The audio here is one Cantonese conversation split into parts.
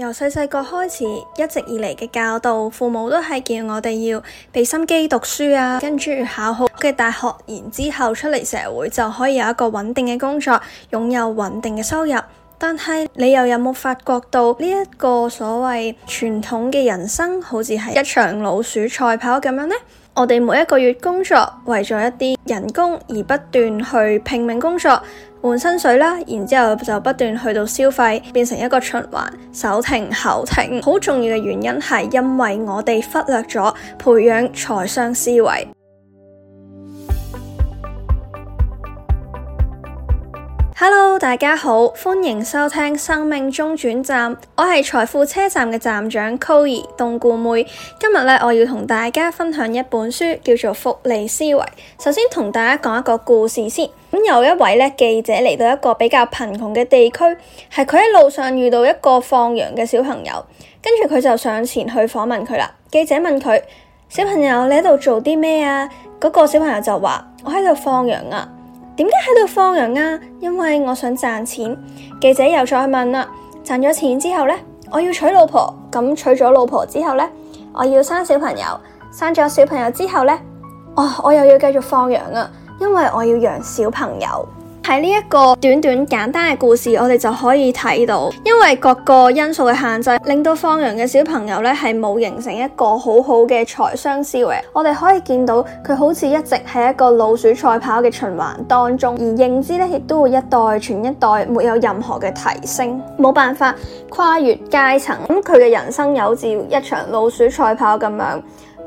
由細細個開始，一直以嚟嘅教導，父母都係叫我哋要俾心機讀書啊，跟住考好嘅大學，然之後出嚟社會就可以有一個穩定嘅工作，擁有穩定嘅收入。但係你又有冇發覺到呢一個所謂傳統嘅人生，好似係一場老鼠賽跑咁樣呢？我哋每一個月工作，為咗一啲人工而不斷去拼命工作，換薪水啦，然之後就不斷去到消費，變成一個循環，手停口停。好重要嘅原因係因為我哋忽略咗培養財商思維。Hello，大家好，歡迎收聽生命中轉站，我係財富車站嘅站長 Koey 冬菇妹。今日呢，我要同大家分享一本書，叫做《複利思維》。首先同大家講一個故事先。有一位咧記者嚟到一個比較貧窮嘅地區，係佢喺路上遇到一個放羊嘅小朋友，跟住佢就上前去訪問佢啦。記者問佢：小朋友你喺度做啲咩啊？嗰個小朋友就話：我喺度放羊啊。點解喺度放羊啊？因為我想賺錢。記者又再問啦，賺咗錢之後呢？我要娶老婆。咁娶咗老婆之後呢？我要生小朋友。生咗小朋友之後呢？哦，我又要繼續放羊啊，因為我要養小朋友。喺呢一個短短簡單嘅故事，我哋就可以睇到，因為各個因素嘅限制，令到放羊嘅小朋友咧，係冇形成一個好好嘅財商思維。我哋可以見到佢好似一直喺一個老鼠賽跑嘅循環當中，而認知咧，亦都會一代傳一代，沒有任何嘅提升，冇辦法跨越階層。咁佢嘅人生有似一場老鼠賽跑咁樣。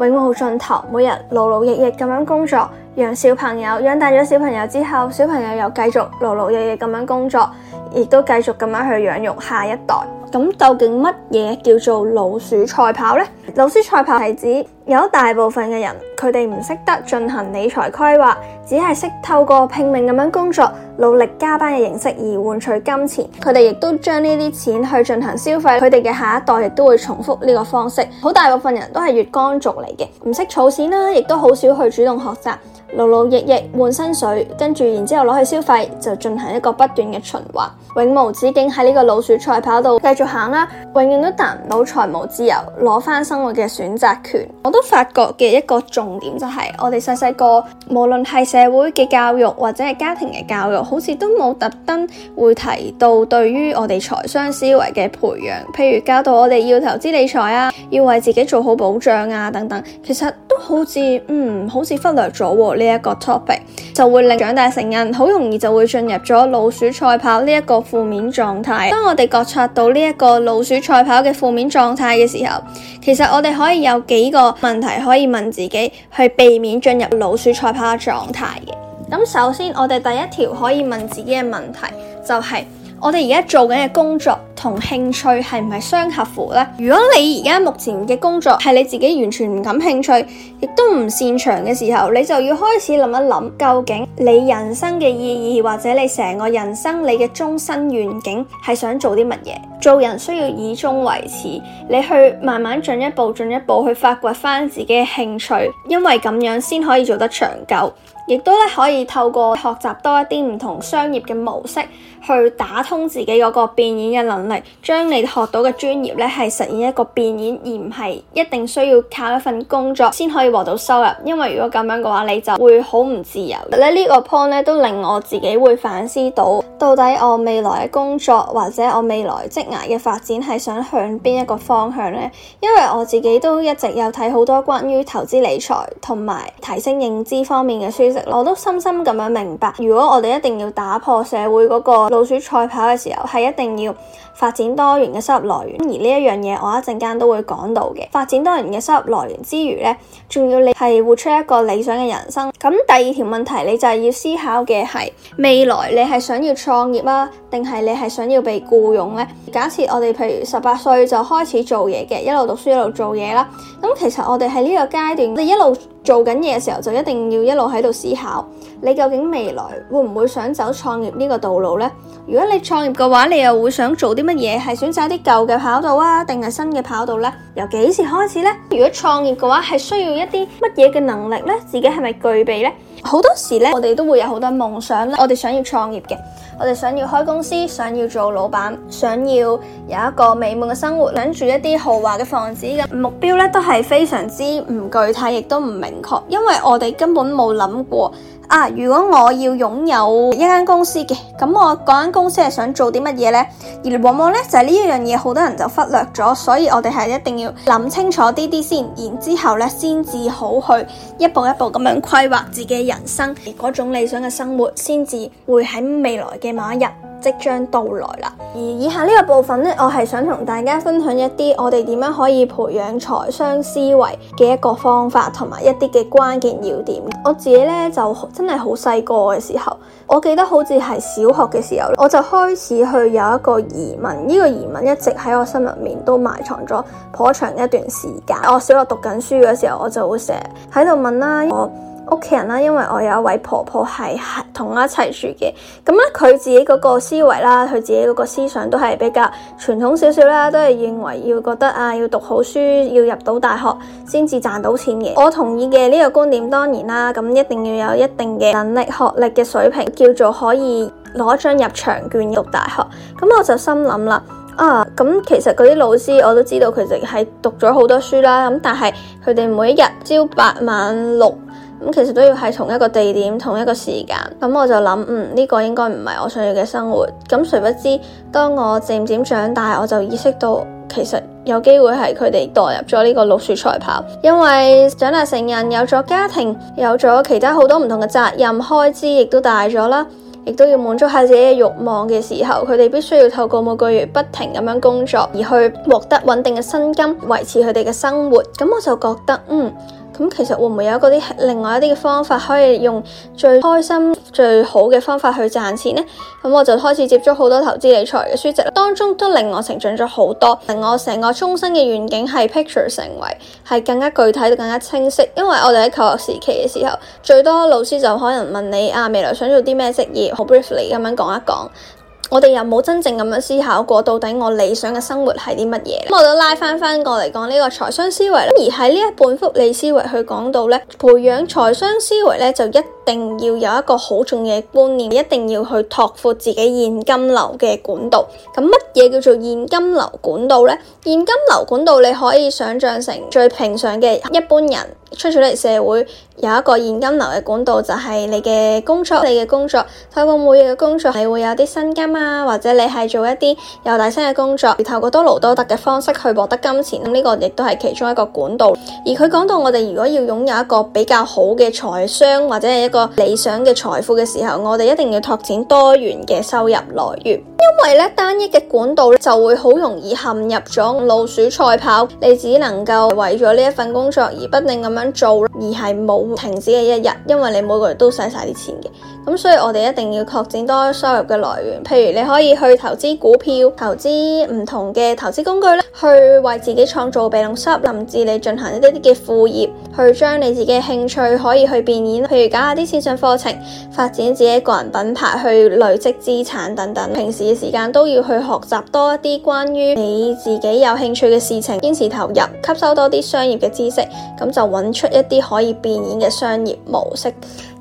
永無盡頭，每日勞勞役役咁樣工作，養小朋友，養大咗小朋友之後，小朋友又繼續勞勞役役咁樣工作，亦都繼續咁樣去養育下一代。咁究竟乜嘢叫做老鼠賽跑呢？老鼠賽跑係指，有大部分嘅人，佢哋唔識得進行理財規劃，只係識透過拼命咁樣工作、努力加班嘅形式而換取金錢。佢哋亦都將呢啲錢去進行消費，佢哋嘅下一代亦都會重複呢個方式。好大部分人都係月光族嚟嘅，唔識儲錢啦，亦都好少去主動學習，勞勞役役換薪水，跟住然之後攞去消費，就進行一個不斷嘅循環，永無止境喺呢個老鼠賽跑度繼續行啦，永遠都達唔到財務自由，攞返生活嘅選擇權。都發覺嘅一個重點就係，我哋細細個無論係社會嘅教育或者係家庭嘅教育，好似都冇特登會提到對於我哋財商思維嘅培養，譬如教到我哋要投資理財啊，要為自己做好保障啊等等，其實都好似嗯，好似忽略咗呢一個 topic，就會令長大成人好容易就會進入咗老鼠賽跑呢一個負面狀態。當我哋覺察到呢一個老鼠賽跑嘅負面狀態嘅時候，其實我哋可以有幾個問題可以問自己，去避免進入老鼠賽跑嘅狀態。咁首先，我哋第一條可以問自己嘅問題就係、是，我哋而家做緊嘅工作。同興趣係唔係相合乎呢？如果你而家目前嘅工作係你自己完全唔感興趣，亦都唔擅長嘅時候，你就要開始諗一諗，究竟你人生嘅意義或者你成個人生你嘅終身願景係想做啲乜嘢？做人需要以終為始，你去慢慢進一步進一步去發掘翻自己嘅興趣，因為咁樣先可以做得長久。亦都咧可以透過學習多一啲唔同商業嘅模式，去打通自己嗰個變現嘅能力，將你學到嘅專業咧係實現一個變現，而唔係一定需要靠一份工作先可以獲到收入。因為如果咁樣嘅話，你就會好唔自由。咧呢個 point 咧都令我自己會反思到，到底我未來嘅工作或者我未來職涯嘅發展係想向邊一個方向咧？因為我自己都一直有睇好多關於投資理財同埋提升認知方面嘅書。我都深深咁樣明白，如果我哋一定要打破社會嗰個老鼠賽跑嘅時候，係一定要發展多元嘅收入來源。而呢一樣嘢，我一陣間都會講到嘅。發展多元嘅收入來源之餘，呢仲要你係活出一個理想嘅人生。咁第二條問題，你就係要思考嘅係未來，你係想要創業啦，啊，定係你係想要被雇傭呢？假設我哋譬如十八歲就開始做嘢嘅，一路讀書一路做嘢啦。咁其實我哋喺呢個階段，你一路。做緊嘢嘅時候就一定要一路喺度思考，你究竟未來會唔會想走創業呢個道路呢？如果你創業嘅話，你又會想做啲乜嘢？係選擇啲舊嘅跑道啊，定係新嘅跑道呢？由幾時開始呢？如果創業嘅話，係需要一啲乜嘢嘅能力呢？自己係咪具備呢？好多時咧，我哋都會有好多夢想咧，我哋想要創業嘅。我哋想要開公司，想要做老闆，想要有一個美滿嘅生活，想住一啲豪華嘅房子。目標呢，都係非常之唔具體，亦都唔明確，因為我哋根本冇諗過。啊！如果我要擁有一間公司嘅，咁我嗰間公司係想做啲乜嘢呢？而往往呢，就係呢一樣嘢，好多人就忽略咗，所以我哋係一定要諗清楚啲啲先，然之後呢先至好去一步一步咁樣規劃自己嘅人生，嗰種理想嘅生活，先至會喺未來嘅某一日。即將到來啦，而以下呢個部分呢，我係想同大家分享一啲我哋點樣可以培養財商思維嘅一個方法，同埋一啲嘅關鍵要點。我自己呢，就真係好細個嘅時候，我記得好似係小學嘅時候我就開始去有一個疑問，呢、這個疑問一直喺我心入面都埋藏咗頗長一段時間。我小學讀緊書嘅時候，我就會成日喺度問啦、啊。我屋企人啦，因為我有一位婆婆係同我一齊住嘅，咁咧佢自己嗰個思維啦，佢自己嗰個思想都係比較傳統少少啦，都係認為要覺得啊，要讀好書，要入到大學先至賺到錢嘅。我同意嘅呢個觀點，當然啦，咁一定要有一定嘅能力、學歷嘅水平，叫做可以攞張入場券入大學。咁我就心諗啦。啊，咁其實嗰啲老師我都知道佢哋係讀咗好多書啦，咁但係佢哋每一日朝八晚六，咁其實都要喺同一個地點同一個時間，咁我就諗，嗯呢、這個應該唔係我想要嘅生活。咁誰不知當我漸漸長大，我就意識到其實有機會係佢哋墮入咗呢個老鼠賽跑，因為長大成人有咗家庭，有咗其他好多唔同嘅責任，開支亦都大咗啦。亦都要滿足下自己嘅慾望嘅時候，佢哋必須要透過每個月不停咁樣工作，而去獲得穩定嘅薪金，維持佢哋嘅生活。咁我就覺得，嗯。咁其實會唔會有嗰啲另外一啲嘅方法可以用最開心最好嘅方法去賺錢呢？咁我就開始接觸好多投資理財嘅書籍啦，當中都令我成長咗好多，令我成個終身嘅願景係 picture 成為係更加具體、更加清晰。因為我哋喺求學時期嘅時候，最多老師就可能問你啊，未來想做啲咩職業，好 briefly 咁樣講一講。我哋又冇真正咁樣思考過，到底我理想嘅生活係啲乜嘢？咁、嗯、我都拉返返過嚟講呢個財商思維，而喺呢一本複利思維去講到呢，培養財商思維呢，就一。一定要有一個好重要嘅觀念，一定要去拓闊自己現金流嘅管道。咁乜嘢叫做現金流管道呢？現金流管道你可以想象成最平常嘅一般人出咗嚟社會，有一個現金流嘅管道就係你嘅工作，你嘅工作透過每日嘅工作，你會有啲薪金啊，或者你係做一啲又大聲嘅工作，透過多勞多得嘅方式去獲得金錢。咁呢個亦都係其中一個管道。而佢講到我哋如果要擁有一個比較好嘅財商或者係。個理想嘅財富嘅時候，我哋一定要拓展多元嘅收入來源。因為咧，單一嘅管道咧，就會好容易陷入咗老鼠賽跑，你只能夠為咗呢一份工作而不定咁樣做，而係冇停止嘅一日，因為你每個月都使晒啲錢嘅。咁所以我哋一定要擴展多收入嘅來源，譬如，你可以去投資股票、投資唔同嘅投資工具咧，去為自己創造被動收入，甚至你進行一啲啲嘅副業，去將你自己嘅興趣可以去變現，譬如搞下啲線上課程，發展自己個人品牌，去累積資產等等。平時時間都要去學習多一啲關於你自己有興趣嘅事情，堅持投入，吸收多啲商業嘅知識，咁就揾出一啲可以變現嘅商業模式。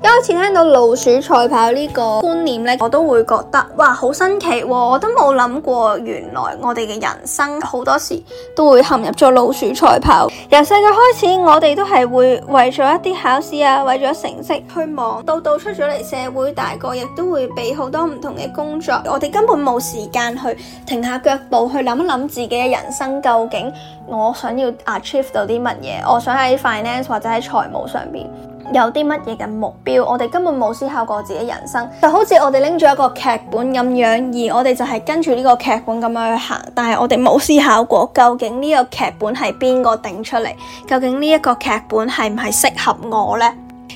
一開始聽到老鼠賽跑呢個觀念呢，我都會覺得哇，好新奇，哦，我都冇諗過，原來我哋嘅人生好多時都會陷入咗老鼠賽跑。由細個開始，我哋都係會為咗一啲考試啊，為咗成績去忙。到到出咗嚟社會，大個亦都會俾好多唔同嘅工作，我哋根本，冇時間去停下腳步去諗一諗自己嘅人生，究竟我想要 achieve 到啲乜嘢？我想喺 finance 或者喺財務上邊有啲乜嘢嘅目標？我哋根本冇思考過自己人生，就好似我哋拎住一個劇本咁樣，而我哋就係跟住呢個劇本咁樣去行，但係我哋冇思考過，究竟呢個劇本係邊個定出嚟？究竟呢一個劇本係唔係適合我呢？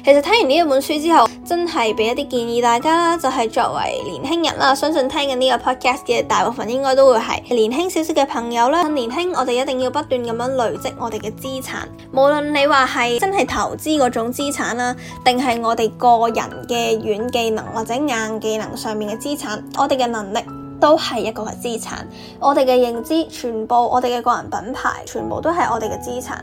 其實聽完呢本書之後，真係俾一啲建議大家啦，就係、是、作為年輕人啦，相信聽緊呢個 podcast 嘅大部分應該都會係年輕少少嘅朋友啦。趁年輕，我哋一定要不斷咁樣累積我哋嘅資產，無論你話係真係投資嗰種資產啦，定係我哋個人嘅軟技能或者硬技能上面嘅資產，我哋嘅能力。都係一個嘅資產，我哋嘅認知，全部我哋嘅個人品牌，全部都係我哋嘅資產。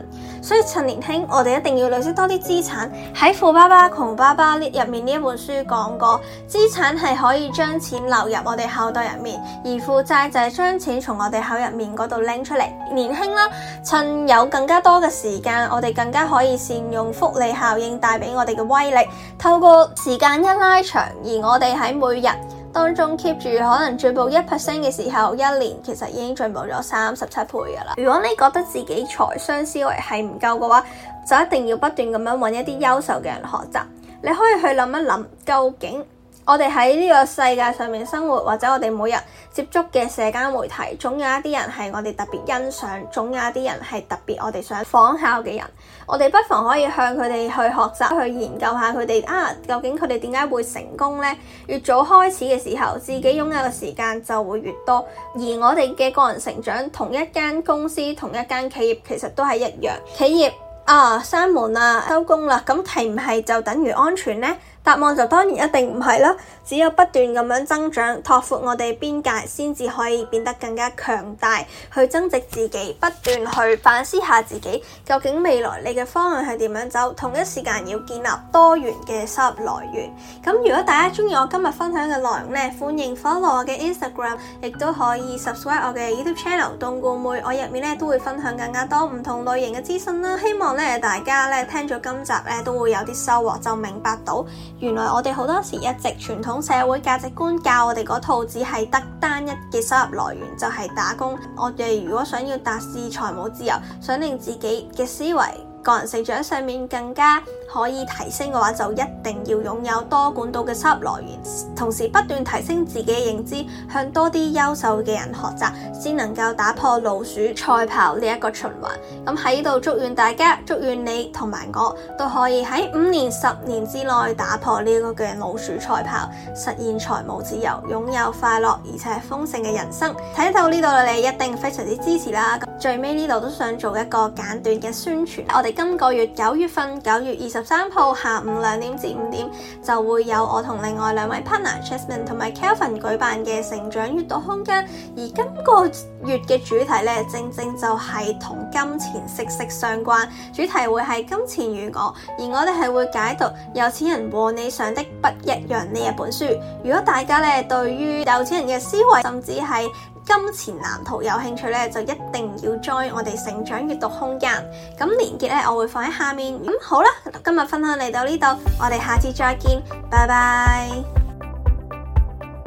所以趁年輕，我哋一定要累積多啲資產。喺富爸爸窮爸爸呢入面呢一本書講過，資產係可以將錢流入我哋口袋入面，而負債就係將錢從我哋口入面嗰度拎出嚟。年輕啦，趁有更加多嘅時間，我哋更加可以善用福利效應帶俾我哋嘅威力。透過時間一拉長，而我哋喺每日。當中 keep 住可能進步一 percent 嘅時候，一年其實已經進步咗三十七倍㗎喇。如果你覺得自己財商思維係唔夠嘅話，就一定要不斷咁樣搵一啲優秀嘅人學習。你可以去諗一諗，究竟。我哋喺呢個世界上面生活，或者我哋每日接觸嘅社交媒體，總有一啲人係我哋特別欣賞，總有一啲人係特別我哋想仿效嘅人。我哋不妨可以向佢哋去學習，去研究下佢哋啊，究竟佢哋點解會成功呢？越早開始嘅時候，自己擁有嘅時間就會越多。而我哋嘅個人成長，同一間公司、同一間企業，其實都係一樣。企業啊，閂門啦，收工啦，咁係唔係就等於安全呢？答案就當然一定唔係啦，只有不斷咁樣增長、拓闊我哋邊界，先至可以變得更加強大，去增值自己，不斷去反思下自己究竟未來你嘅方向係點樣走。同一時間要建立多元嘅收入來源。咁如果大家鍾意我今日分享嘅內容咧，歡迎 follow 我嘅 Instagram，亦都可以 subscribe 我嘅 YouTube channel。冬菇妹我入面咧都會分享更加多唔同類型嘅資訊啦。希望咧大家咧聽咗今集咧都會有啲收穫，就明白到。原來我哋好多時候一直傳統社會價值觀教我哋嗰套，只係得單一嘅收入來源就係打工。我哋如果想要達至財務自由，想令自己嘅思維、個人成長上面更加……可以提升嘅話，就一定要擁有多管道嘅收入來源，同時不斷提升自己嘅認知，向多啲優秀嘅人學習，先能夠打破老鼠賽跑呢一個循環。咁喺度祝願大家，祝願你同埋我都可以喺五年、十年之內打破呢個嘅老鼠賽跑，實現財務自由，擁有快樂而且豐盛嘅人生。睇到呢度嘅你一定非常之支持啦。最尾呢度都想做一個簡短嘅宣傳，我哋今個月九月份，九月二。十三號下午兩點至五點就會有我同另外兩位 partner Jasmine 同埋 Kelvin 舉辦嘅成長閱讀空間，而今個月嘅主題咧正正就係同金錢息息相關，主題會係金錢與我，而我哋係會解讀《有錢人和你想的不一樣》呢一本書。如果大家咧對於有錢人嘅思維，甚至係金錢藍圖有興趣咧，就一定要 join 我哋成長悅讀空間。咁連結咧，我會放喺下面。咁好啦，今日分享嚟到呢度，我哋下次再見，拜拜。